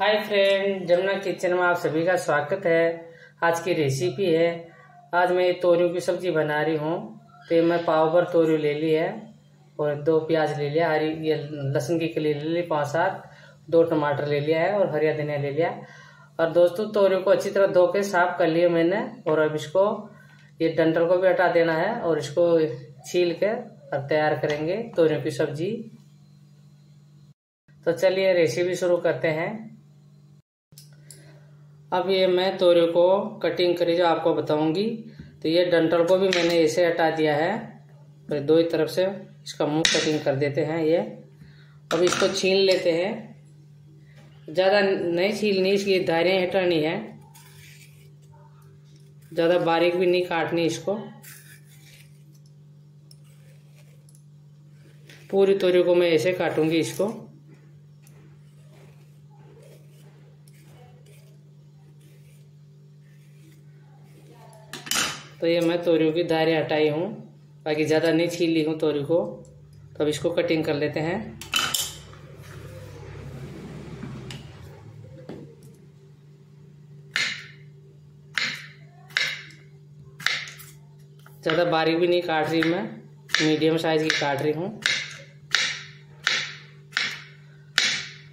हाय friend Jamuna kitchen में आप सभी का स्वागत है आज की रेसिपी है आज मैं ये तोरियों की सब्जी बना रही हूँ तो मैं पाव भर तोरी ले ली है और दो प्याज ले लिया हरी ये लहसुन की कली ले ली पाँच सात दो टमाटर ले लिया है और हरिया धनिया ले लिया और दोस्तों तोरियों को अच्छी तरह धो के साफ कर लिए मैंने और अब इसको ये डंटल को भी हटा देना है और इसको छील के और तैयार करेंगे तोरियों की सब्जी तो चलिए रेसिपी शुरू करते हैं अब ये मैं तोरे को कटिंग करी जो आपको बताऊंगी तो ये डंटल को भी मैंने ऐसे हटा दिया है फिर दो ही तरफ से इसका मुंह कटिंग कर देते हैं ये अब इसको छीन लेते हैं ज़्यादा नहीं छीलनी इसकी धारियाँ हटानी है ज़्यादा बारीक भी नहीं काटनी इसको पूरी तोरे को मैं ऐसे काटूंगी इसको तो ये मैं तोरियों की धारे हटाई हूँ बाकी ज़्यादा नहीं छील ली हूँ तोरी को तो अब इसको कटिंग कर लेते हैं ज़्यादा बारीक भी नहीं काट रही मैं मीडियम साइज़ की काट रही हूँ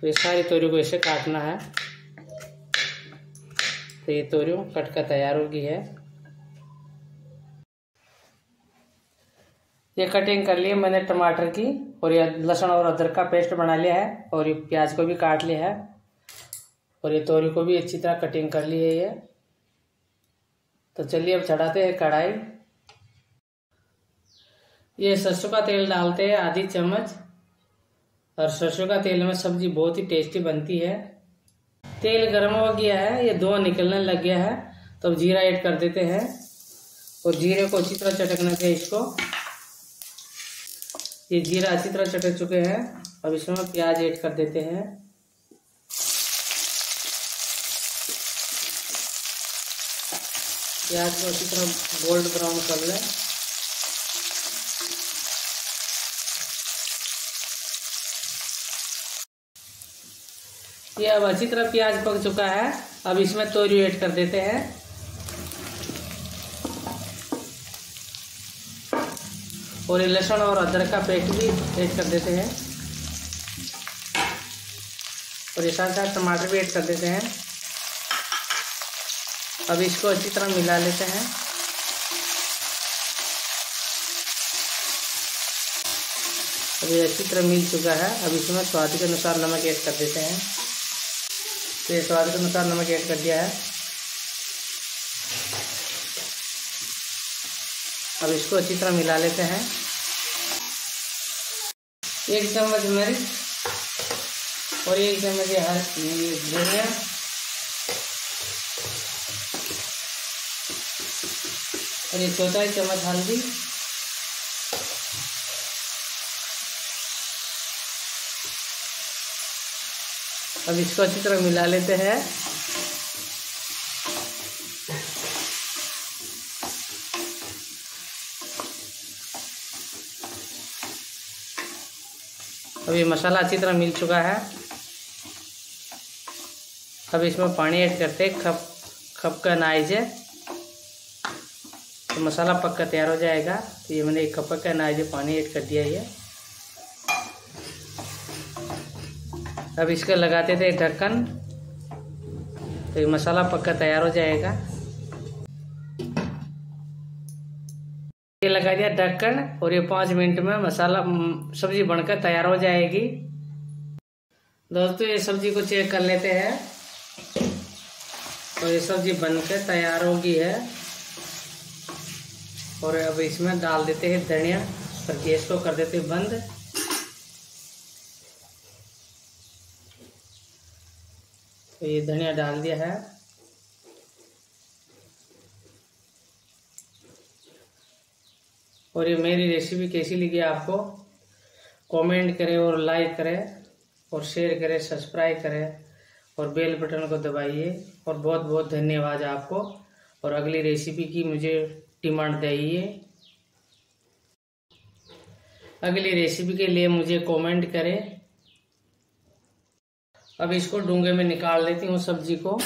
तो ये सारी तोरी को ऐसे काटना है तो ये तोरी कट कर तैयार होगी है ये कटिंग कर लिए मैंने टमाटर की और ये लहसुन और अदरक का पेस्ट बना लिया है और ये प्याज को भी काट लिया है और ये तोरी को भी अच्छी तरह कटिंग कर ली है ये तो चलिए अब चढ़ाते हैं कढ़ाई ये सरसों का तेल डालते हैं आधी चम्मच और सरसों का तेल में सब्जी बहुत ही टेस्टी बनती है तेल गर्म हो गया है ये धुआं निकलने लग गया है तो जीरा ऐड कर देते हैं और जीरे को अच्छी तरह चटकना चाहिए इसको ये जीरा अच्छी तरह चटक चुके हैं अब इसमें प्याज ऐड कर देते हैं प्याज को अच्छी तरह गोल्ड ब्राउन कर लें ये अब अच्छी तरह प्याज पक चुका है अब इसमें तोरी ऐड कर देते हैं और ये लहसुन और अदरक का पेस्ट भी ऐड कर देते हैं और ये साथ साथ टमाटर भी ऐड कर देते हैं अब इसको अच्छी तरह मिला लेते हैं अब ये अच्छी तरह मिल चुका है अब इसमें स्वाद के अनुसार नमक ऐड कर देते हैं तो ये स्वाद के अनुसार नमक ऐड कर दिया है अब इसको अच्छी तरह मिला लेते हैं एक चम्मच मिर्च और एक चम्मच धनिया और एक चौथाई चम्मच हल्दी अब इसको अच्छी तरह मिला लेते हैं अब ये मसाला अच्छी तरह मिल चुका है अब इसमें पानी ऐड करते हैं खप खप का नाइज है तो मसाला पक्का तैयार हो जाएगा तो ये मैंने एक खपक का नाइज पानी ऐड कर दिया ये अब इसका लगाते थे ढक्कन तो ये मसाला पक्का तैयार हो जाएगा ये लगा दिया ढक्कन और ये पाँच मिनट में मसाला सब्जी बनकर तैयार हो जाएगी दोस्तों ये सब्जी को चेक कर लेते हैं तो ये सब्जी बनकर तैयार होगी है और अब इसमें डाल देते हैं धनिया और गैस को कर देते हैं बंद तो ये धनिया डाल दिया है और ये मेरी रेसिपी कैसी लगी आपको कमेंट करें और लाइक करें और शेयर करें सब्सक्राइब करें और बेल बटन को दबाइए और बहुत बहुत धन्यवाद आपको और अगली रेसिपी की मुझे डिमांड दीजिए अगली रेसिपी के लिए मुझे कमेंट करें अब इसको डूंगे में निकाल लेती हूँ सब्जी को